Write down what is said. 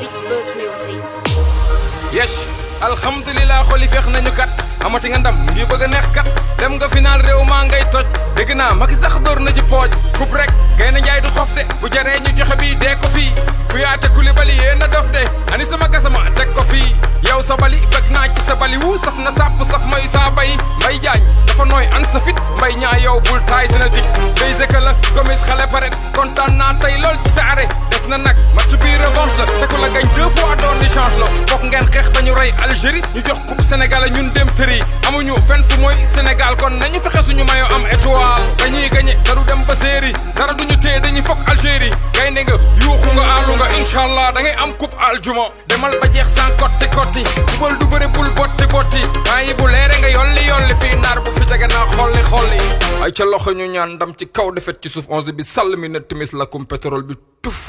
music buzz music yes alhamdulilah xoli feex nañu kat amati nga ndam ngi bëgg a neex kat dem nga final réew maa ngay toj dégg naa mag sax door na ci pooj coupe rek gay na njaay du xof de bu jaree ñu joxe bii de ko fii ku yaate Coulibaly yee na dof de ani sama gasama teg ko fii yow sa bali bëgg naa ci sa bali wu saf na sàpp saf may saa bay mbay jaañ dafa nooy an sa fit mbay ñaa yow bul taay dina dik day sëkka la gomis xale pare kontaan naa tey lool ci sa are na nag match biir revanche la te ku la gañ deux fois doon ni change ñu rey Algérie ñu jox coupe Sénégal ñun dem tëri amuñu fenn fu mooy fexe suñu mayoo am étoile dañuy gañe daru ba séeri dara duñu téye dañuy fokk Algérie gaynde nga yuuxu nga àllu allah da ngay am coupe aljuma demal ba jeex sans kotti kotti bubal du bëre bul botti botti bàyyi bu leere nga yolli yolli fii naar bu fi jege naa xolli xolli ay ca loxo ñu ñaan ndam ci kaw defet ci suuf onze bi sàll mi ne timis la kum pétrole bi tuf